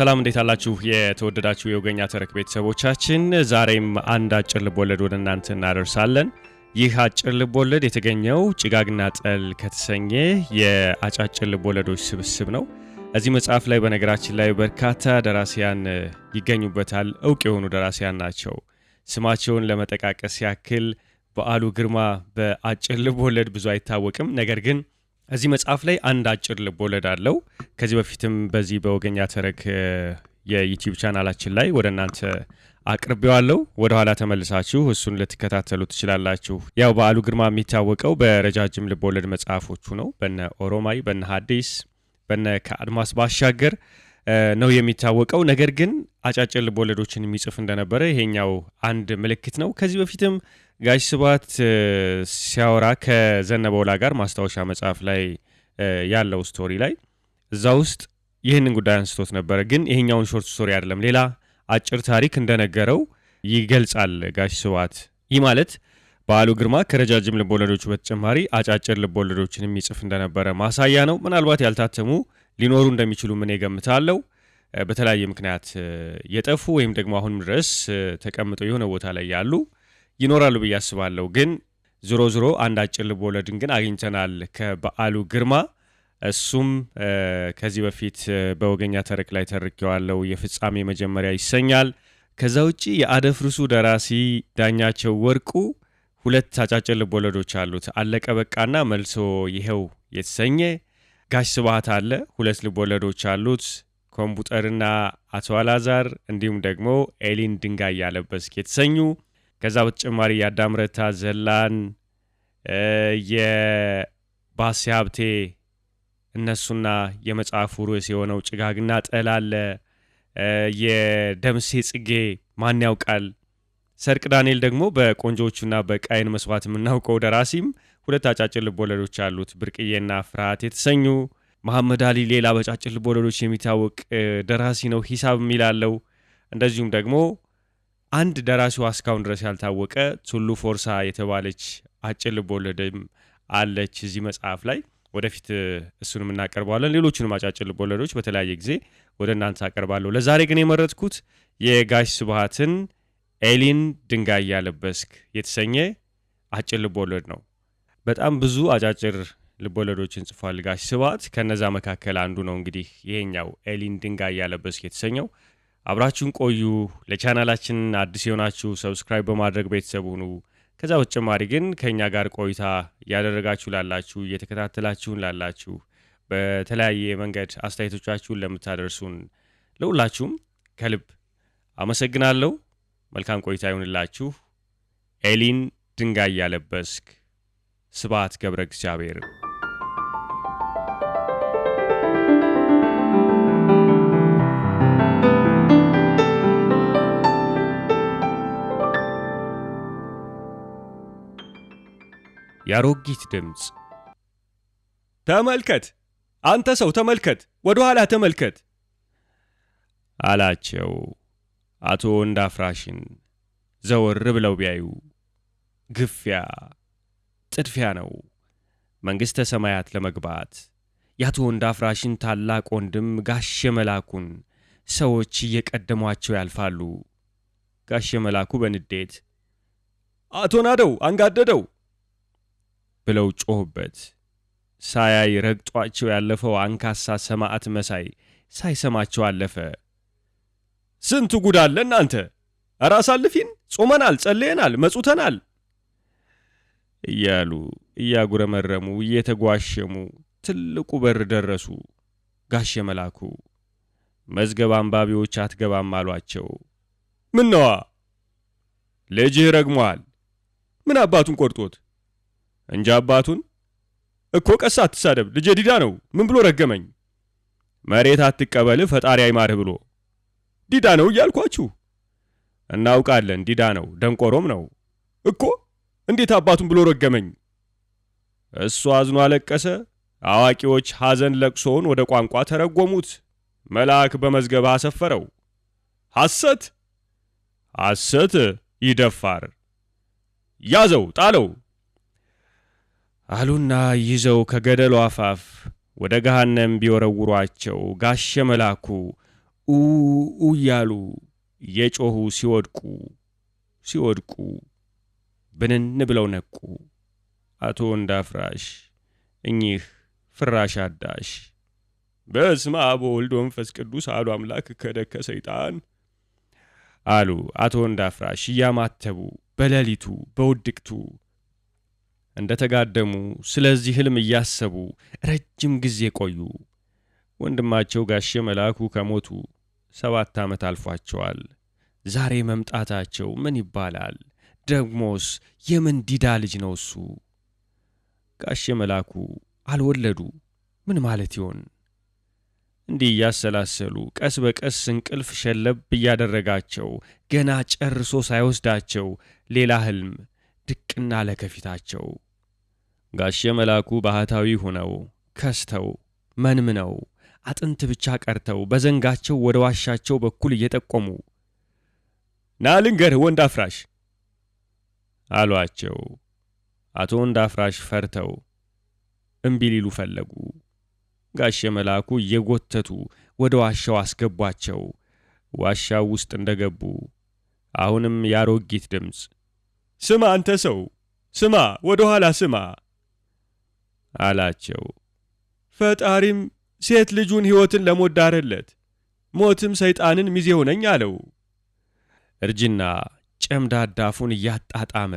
ሰላም እንዴት አላችሁ? የተወደዳችሁ የወገኛ ተረክ ቤተሰቦቻችን፣ ዛሬም አንድ አጭር ልብ ወለድ ወደ እናንተ እናደርሳለን። ይህ አጭር ልቦለድ የተገኘው ጭጋግና ጠል ከተሰኘ የአጫጭር ልቦለዶች ስብስብ ነው። እዚህ መጽሐፍ ላይ በነገራችን ላይ በርካታ ደራሲያን ይገኙበታል። እውቅ የሆኑ ደራሲያን ናቸው። ስማቸውን ለመጠቃቀስ ያክል በዓሉ ግርማ በአጭር ልቦለድ ብዙ አይታወቅም። ነገር ግን እዚህ መጽሐፍ ላይ አንድ አጭር ልቦለድ አለው። ከዚህ በፊትም በዚህ በወገኛ ተረክ የዩቲዩብ ቻናላችን ላይ ወደ እናንተ አቅርቤዋለሁ። ኋላ ተመልሳችሁ እሱን ልትከታተሉ ትችላላችሁ። ያው በዓሉ ግርማ የሚታወቀው በረጃጅም ልቦወለድ መጽሐፎቹ ነው። በነ ኦሮማይ፣ በነ ሀዲስ በነ ከአድማስ ባሻገር ነው የሚታወቀው። ነገር ግን አጫጭር ልቦለዶችን የሚጽፍ እንደነበረ ይሄኛው አንድ ምልክት ነው። ከዚህ በፊትም ጋሽ ስብሐት ሲያወራ ከዘነበ ወላ ጋር ማስታወሻ መጽሐፍ ላይ ያለው ስቶሪ ላይ እዛ ውስጥ ይህንን ጉዳይ አንስቶት ነበረ። ግን ይሄኛውን ሾርት ስቶሪ አይደለም ሌላ አጭር ታሪክ እንደነገረው ይገልጻል ጋሽ ስብሐት። ይህ ማለት በዓሉ ግርማ ከረጃጅም ልቦለዶቹ በተጨማሪ አጫጭር ልቦለዶችን የሚጽፍ እንደነበረ ማሳያ ነው። ምናልባት ያልታተሙ ሊኖሩ እንደሚችሉ ምን ገምታለው። በተለያየ ምክንያት የጠፉ ወይም ደግሞ አሁንም ድረስ ተቀምጠው የሆነ ቦታ ላይ ያሉ ይኖራሉ ብዬ አስባለሁ። ግን ዝሮ ዝሮ አንድ አጭር ልቦለድን ግን አግኝተናል ከበዓሉ ግርማ እሱም ከዚህ በፊት በወገኛ ተረክ ላይ ተርኬዋለው የፍጻሜ መጀመሪያ ይሰኛል። ከዛ ውጭ የአደፍርሱ ደራሲ ዳኛቸው ወርቁ ሁለት አጫጭር ወለዶች አሉት፣ አለቀ በቃና መልሶ ይኸው የተሰኘ። ጋሽ ስብሐት አለ ሁለት ልቦለዶች አሉት፣ ኮምፒውተርና አቶ አላዛር እንዲሁም ደግሞ ኤሊን ድንጋይ ያለበስክ የተሰኙ። ከዛ በተጨማሪ የአዳምረታ ዘላን የባሴ ሀብቴ እነሱና የመጽሐፉ ርዕስ የሆነው ጭጋግና ጠላለ የደምሴ ጽጌ ማን ያውቃል፣ ሰርቅ ዳንኤል ደግሞ በቆንጆዎቹና በቃይን መስዋዕት የምናውቀው ደራሲም ሁለት አጫጭር ልቦለዶች አሉት፣ ብርቅዬና ፍርሃት የተሰኙ። መሐመድ አሊ ሌላ በጫጭር ልቦለዶች የሚታወቅ ደራሲ ነው፣ ሂሳብ የሚላለው። እንደዚሁም ደግሞ አንድ ደራሲዋ እስካሁን ድረስ ያልታወቀ ቱሉ ፎርሳ የተባለች አጭር ልቦለድም አለች እዚህ መጽሐፍ ላይ። ወደፊት እሱንም እናቀርበዋለን። ሌሎቹንም አጫጭር ልቦለዶች በተለያየ ጊዜ ወደ እናንተ አቀርባለሁ። ለዛሬ ግን የመረጥኩት የጋሽ ስብሐትን ኤሊን ድንጋይ ያለበስክ የተሰኘ አጭር ልቦለድ ነው። በጣም ብዙ አጫጭር ልቦለዶችን ጽፏል ጋሽ ስብሐት። ከነዛ መካከል አንዱ ነው እንግዲህ ይሄኛው ኤሊን ድንጋይ ያለበስክ የተሰኘው። አብራችሁን ቆዩ። ለቻናላችን አዲስ የሆናችሁ ሰብስክራይብ በማድረግ ቤተሰብ ሁኑ። ከዛ በተጨማሪ ግን ከእኛ ጋር ቆይታ እያደረጋችሁ ላላችሁ እየተከታተላችሁን ላላችሁ በተለያየ መንገድ አስተያየቶቻችሁን ለምታደርሱን ለሁላችሁም ከልብ አመሰግናለሁ። መልካም ቆይታ ይሁንላችሁ። ኤሊን ድንጋይ ያለበስክ ስባት ገብረ እግዚአብሔር የአሮጊት ድምፅ ተመልከት፣ አንተ ሰው ተመልከት፣ ወደ ኋላ ተመልከት አላቸው። አቶ እንዳፍራሽን ዘወር ብለው ቢያዩ ግፊያ፣ ጥድፊያ ነው። መንግሥተ ሰማያት ለመግባት የአቶ እንዳፍራሽን ታላቅ ወንድም ጋሼ መላኩን ሰዎች እየቀደሟቸው ያልፋሉ። ጋሼ መላኩ በንዴት አቶ ናደው አንጋደደው ብለው ጮሁበት ሳያይ ረግጧቸው ያለፈው አንካሳ ሰማዕት መሳይ ሳይሰማቸው አለፈ። ስንቱ ጉድ አለ እናንተ! ኧረ አሳልፊን! ጾመናል፣ ጸልየናል፣ መጹተናል እያሉ እያጉረመረሙ እየተጓሸሙ ትልቁ በር ደረሱ። ጋሼ መላኩ መዝገብ አንባቢዎች አትገባም አሏቸው። ምነዋ ልጅህ ረግሟል? ምን አባቱን ቆርጦት እንጂ አባቱን እኮ ቀስ አትሳደብ ልጄ ዲዳ ነው ምን ብሎ ረገመኝ መሬት አትቀበል ፈጣሪ አይማርህ ብሎ ዲዳ ነው እያልኳችሁ እናውቃለን ዲዳ ነው ደንቆሮም ነው እኮ እንዴት አባቱን ብሎ ረገመኝ እሱ አዝኖ አለቀሰ አዋቂዎች ሐዘን ለቅሶውን ወደ ቋንቋ ተረጎሙት መልአክ በመዝገባ አሰፈረው ሐሰት ሐሰት ይደፋር ያዘው ጣለው አሉና ይዘው ከገደሉ አፋፍ ወደ ገሃነም ቢወረውሯቸው ጋሸ መላኩ ኡ እያሉ የጮኹ ሲወድቁ ሲወድቁ ብንን ብለው ነቁ። አቶ እንዳፍራሽ እኚህ ፍራሽ አዳሽ። በስመ አብ ወወልድ ወመንፈስ ቅዱስ አሐዱ አምላክ ከደከ ሰይጣን አሉ አቶ እንዳፍራሽ እያማተቡ በሌሊቱ በውድቅቱ እንደተጋደሙ ስለዚህ ህልም እያሰቡ ረጅም ጊዜ ቆዩ። ወንድማቸው ጋሼ መልአኩ ከሞቱ ሰባት ዓመት አልፏቸዋል። ዛሬ መምጣታቸው ምን ይባላል? ደግሞስ የምን ዲዳ ልጅ ነው እሱ? ጋሼ መልአኩ አልወለዱ ምን ማለት ይሆን? እንዲህ እያሰላሰሉ ቀስ በቀስ እንቅልፍ ሸለብ እያደረጋቸው ገና ጨርሶ ሳይወስዳቸው ሌላ ህልም ድቅና ለከፊታቸው ጋሼ መላኩ ባህታዊ ሆነው ከስተው መንምነው አጥንት ብቻ ቀርተው በዘንጋቸው ወደ ዋሻቸው በኩል እየጠቆሙ ና ልንገርህ ወንድ አፍራሽ አሏቸው። አቶ ወንድ አፍራሽ ፈርተው እምቢ ሊሉ ፈለጉ። ጋሼ መላኩ እየጎተቱ ወደ ዋሻው አስገቧቸው። ዋሻው ውስጥ እንደገቡ አሁንም ያሮጊት ድምፅ ስማ፣ አንተ ሰው ስማ፣ ወደ ኋላ ስማ አላቸው። ፈጣሪም ሴት ልጁን ሕይወትን ለሞት ዳረለት፣ ሞትም ሰይጣንን ሚዜው ነኝ አለው። እርጅና ጨምዳዳፉን እያጣጣመ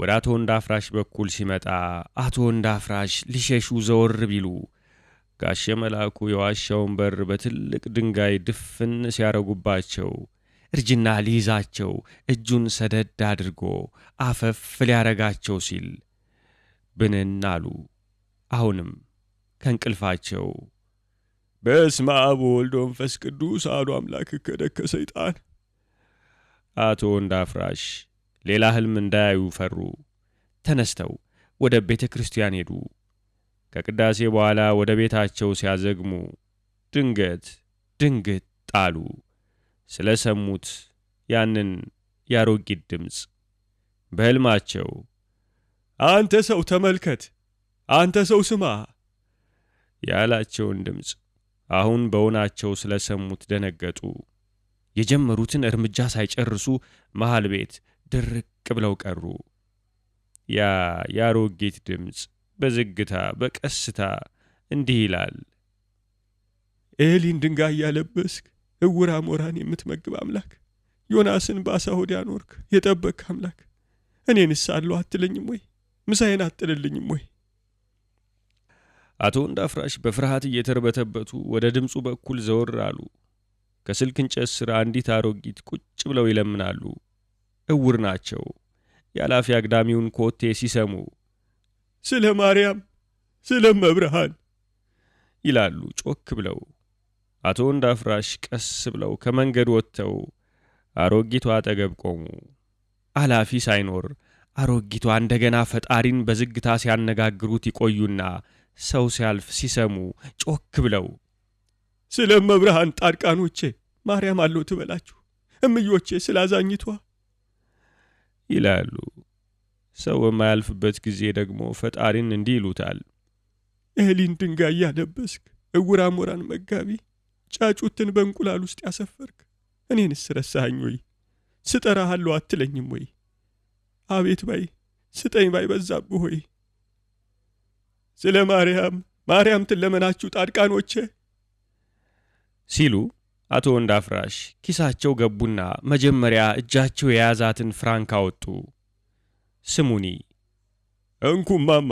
ወደ አቶ እንዳፍራሽ በኩል ሲመጣ አቶ እንዳፍራሽ ሊሸሹ ዘወር ቢሉ ጋሸ መልአኩ የዋሻውን በር በትልቅ ድንጋይ ድፍን ሲያረጉባቸው እርጅና ሊይዛቸው እጁን ሰደድ አድርጎ አፈፍ ሊያረጋቸው ሲል ብንን አሉ። አሁንም ከእንቅልፋቸው በስመ አብ ወወልድ ወመንፈስ ቅዱስ አሐዱ አምላክ ከደከ ሰይጣን። አቶ እንዳፍራሽ ሌላ ህልም እንዳያዩ ፈሩ። ተነስተው ወደ ቤተ ክርስቲያን ሄዱ። ከቅዳሴ በኋላ ወደ ቤታቸው ሲያዘግሙ ድንገት ድንግት ጣሉ። ስለ ሰሙት ያንን ያሮጊት ድምፅ በሕልማቸው አንተ ሰው ተመልከት አንተ ሰው ስማ ያላቸውን ድምፅ አሁን በውናቸው ሰሙት ደነገጡ። የጀመሩትን እርምጃ ሳይጨርሱ መሃል ቤት ድርቅ ብለው ቀሩ። ያ የአሮጊት ድምፅ በዝግታ በቀስታ እንዲህ ይላል። ኤሊን ድንጋይ ያለበስክ፣ እውራ ሞራን የምትመግብ አምላክ፣ ዮናስን በአሳ ሆድ ያኖርክ፣ የጠበቅክ አምላክ እኔንስ አለሁ አትለኝም ወይ? ምሳዬን አትልልኝም ወይ? አቶ እንዳፍራሽ በፍርሃት እየተርበተበቱ ወደ ድምፁ በኩል ዘወር አሉ። ከስልክ እንጨት ሥራ አንዲት አሮጊት ቁጭ ብለው ይለምናሉ። እውር ናቸው። የአላፊ አግዳሚውን ኮቴ ሲሰሙ ስለ ማርያም፣ ስለ መብርሃን ይላሉ ጮክ ብለው። አቶ እንዳፍራሽ ቀስ ብለው ከመንገድ ወጥተው አሮጊቷ አጠገብ ቆሙ። አላፊ ሳይኖር አሮጊቷ እንደገና ፈጣሪን በዝግታ ሲያነጋግሩት ይቆዩና ሰው ሲያልፍ ሲሰሙ ጮክ ብለው ስለ መብርሃን ጣድቃኖቼ ማርያም አለው ትበላችሁ እምዮቼ ስላዛኝቷ ይላሉ። ሰው በማያልፍበት ጊዜ ደግሞ ፈጣሪን እንዲህ ይሉታል። እህሊን ድንጋይ ያለበስክ፣ እውራ ሞራን መጋቢ፣ ጫጩትን በእንቁላል ውስጥ ያሰፈርክ እኔንስ ረሳኸኝ ወይ? ስጠራሃለሁ አትለኝም ወይ? አቤት ባይ ስጠኝ ባይ በዛብህ ሆይ ስለ ማርያም ማርያም ትለመናችሁ ጣድቃኖቼ ሲሉ አቶ ወንዳፍራሽ ኪሳቸው ገቡና መጀመሪያ እጃቸው የያዛትን ፍራንክ አወጡ። ስሙኒ እንኩም ማማ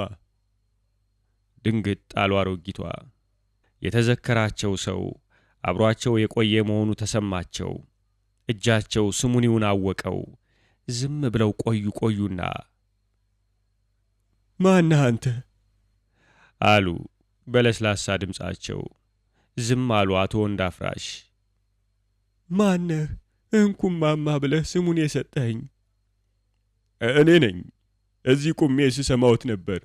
ድንግጥ አሉ አሮጊቷ። የተዘከራቸው ሰው አብሯቸው የቆየ መሆኑ ተሰማቸው። እጃቸው ስሙኒውን አወቀው። ዝም ብለው ቆዩ ቆዩና ማን አንተ አሉ በለስላሳ ድምፃቸው። ዝም አሉ አቶ ወንዳፍራሽ። ማነህ እንኩም ማማ ብለህ ስሙን የሰጠኸኝ? እኔ ነኝ። እዚህ ቁሜ ስሰማሁት ነበር።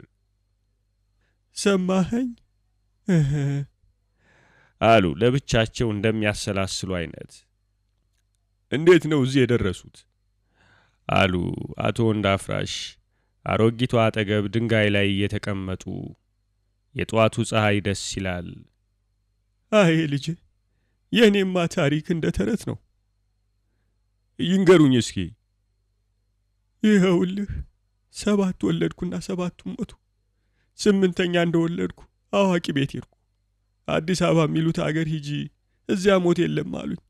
ሰማኸኝ? አሉ ለብቻቸው እንደሚያሰላስሉ አይነት። እንዴት ነው እዚህ የደረሱት? አሉ አቶ ወንዳፍራሽ አሮጊቷ አጠገብ ድንጋይ ላይ እየተቀመጡ የጠዋቱ ፀሐይ ደስ ይላል። አይ ልጄ፣ የእኔማ ታሪክ እንደ ተረት ነው። ይንገሩኝ እስኪ። ይኸውልህ ሰባት ወለድኩና ሰባቱ ሞቱ። ስምንተኛ እንደወለድኩ አዋቂ ቤት ሄድኩ። አዲስ አበባ የሚሉት አገር ሂጂ፣ እዚያ ሞት የለም አሉኝ።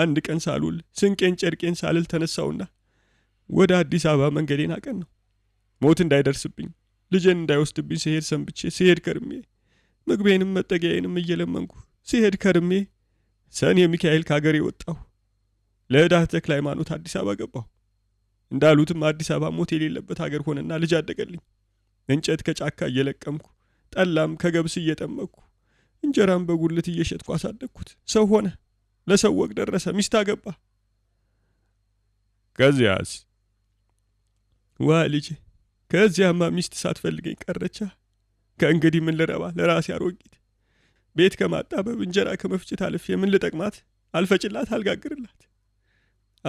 አንድ ቀን ሳልውል ስንቄን ጨርቄን ሳልል ተነሳውና ወደ አዲስ አበባ መንገዴን አቀን ነው ሞት እንዳይደርስብኝ ልጄን እንዳይወስድብኝ ሲሄድ ሰንብቼ ሲሄድ ከርሜ ምግቤንም መጠጊያዬንም እየለመንኩ ሲሄድ ከርሜ ሰኔ ሚካኤል ከአገሬ ወጣሁ። ለዕዳህ ተክለ ሃይማኖት አዲስ አበባ ገባሁ። እንዳሉትም አዲስ አበባ ሞት የሌለበት አገር ሆነና ልጅ አደገልኝ። እንጨት ከጫካ እየለቀምኩ ጠላም ከገብስ እየጠመቅኩ እንጀራም በጉልት እየሸጥኩ አሳደግኩት። ሰው ሆነ፣ ለሰው ወግ ደረሰ፣ ሚስት አገባ። ከዚያስ ዋ ልጄ ከዚያማ ሚስት ሳትፈልገኝ ቀረቻ። ከእንግዲህ ምን ልረባ ለራሴ አሮጊት ቤት ከማጣበብ እንጀራ ከመፍጨት አልፍ የምን ልጠቅማት? አልፈጭላት፣ አልጋግርላት።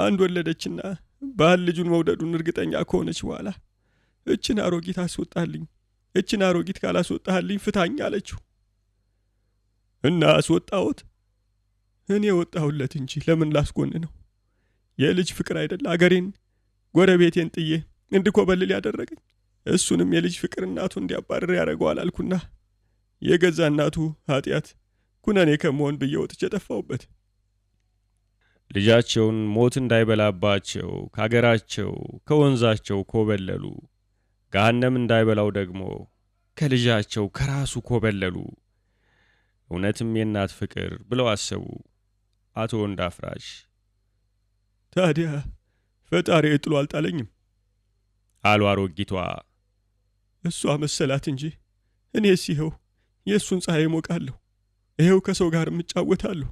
አንድ ወለደችና ባህል ልጁን መውደዱን እርግጠኛ ከሆነች በኋላ እችን አሮጊት አስወጣልኝ፣ እችን አሮጊት ካላስወጣልኝ ፍታኝ አለችው እና አስወጣሁት። እኔ ወጣሁለት እንጂ ለምን ላስጎን ነው? የልጅ ፍቅር አይደለ አገሬን ጎረቤቴን ጥዬ እንድኮበልል ያደረገኝ? እሱንም የልጅ ፍቅር እናቱ እንዲያባረር ያደረገዋል አልኩና የገዛ እናቱ ኃጢአት ኩነኔ ከመሆን ብዬ ወጥቼ ጠፋውበት ልጃቸውን ሞት እንዳይበላባቸው ከአገራቸው ከወንዛቸው ኮበለሉ፣ ገሃነም እንዳይበላው ደግሞ ከልጃቸው ከራሱ ኮበለሉ። እውነትም የእናት ፍቅር ብለው አሰቡ አቶ አፍራሽ ታዲያ ፈጣሪ ጥሎ አልጣለኝም አሉ አሮጊቷ። እሷ መሰላት እንጂ እኔስ ይኸው የእሱን ፀሐይ ሞቃለሁ፣ ይኸው ከሰው ጋር እምጫወታለሁ።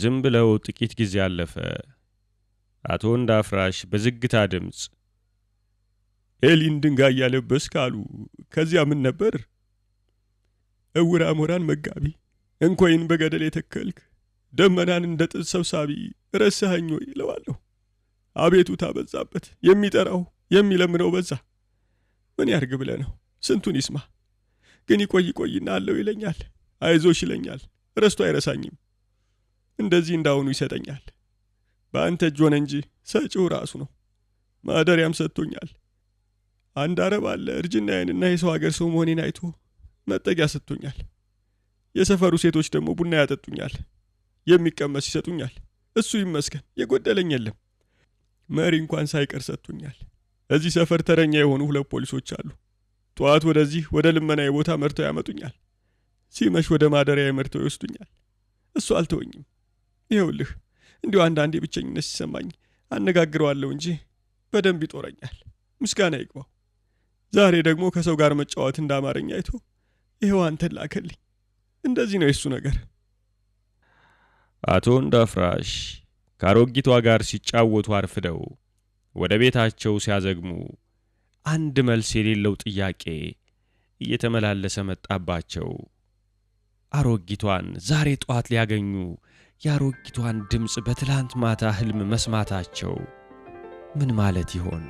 ዝም ብለው ጥቂት ጊዜ አለፈ። አቶ እንዳፍራሽ በዝግታ ድምፅ ኤሊን ድንጋይ እያለበስ ካሉ ከዚያ ምን ነበር እውር አሞራን መጋቢ እንኮይን በገደል የተከልክ ደመናን እንደ ጥዝ ሰብሳቢ ረሳኸኝ ይለዋለሁ አቤቱ ታበዛበት በዛበት፣ የሚጠራው የሚለምነው በዛ። ምን ያርግ ብለ ነው? ስንቱን ይስማ። ግን ይቆይ ቆይና አለው ይለኛል፣ አይዞሽ ይለኛል። ረስቶ አይረሳኝም። እንደዚህ እንዳውኑ ይሰጠኛል። በአንተ እጅ ሆነ እንጂ ሰጪው ራሱ ነው። ማደሪያም ሰጥቶኛል። አንድ አረብ አለ ያንና የሰው ሀገር ሰው መሆኔን አይቶ መጠጊያ ሰጥቶኛል። የሰፈሩ ሴቶች ደግሞ ቡና ያጠጡኛል፣ የሚቀመስ ይሰጡኛል። እሱ ይመስገን የጎደለኝ የለም። መሪ እንኳን ሳይቀር ሰጥቶኛል። እዚህ ሰፈር ተረኛ የሆኑ ሁለት ፖሊሶች አሉ። ጠዋት ወደዚህ ወደ ልመናዊ ቦታ መርተው ያመጡኛል። ሲመሽ ወደ ማደሪያ መርተው ይወስዱኛል። እሱ አልተወኝም። ይኸውልህ እንዲሁ አንዳንዴ ብቸኝነት ሲሰማኝ አነጋግረዋለሁ እንጂ በደንብ ይጦረኛል። ምስጋና ይግባው። ዛሬ ደግሞ ከሰው ጋር መጫወት እንዳማረኝ አይቶ ይኸው አንተን ላከልኝ። እንደዚህ ነው የሱ ነገር። አቶ እንዳፍራሽ ከአሮጊቷ ጋር ሲጫወቱ አርፍደው ወደ ቤታቸው ሲያዘግሙ አንድ መልስ የሌለው ጥያቄ እየተመላለሰ መጣባቸው። አሮጊቷን ዛሬ ጠዋት ሊያገኙ የአሮጊቷን ድምፅ በትላንት ማታ ሕልም መስማታቸው ምን ማለት ይሆን?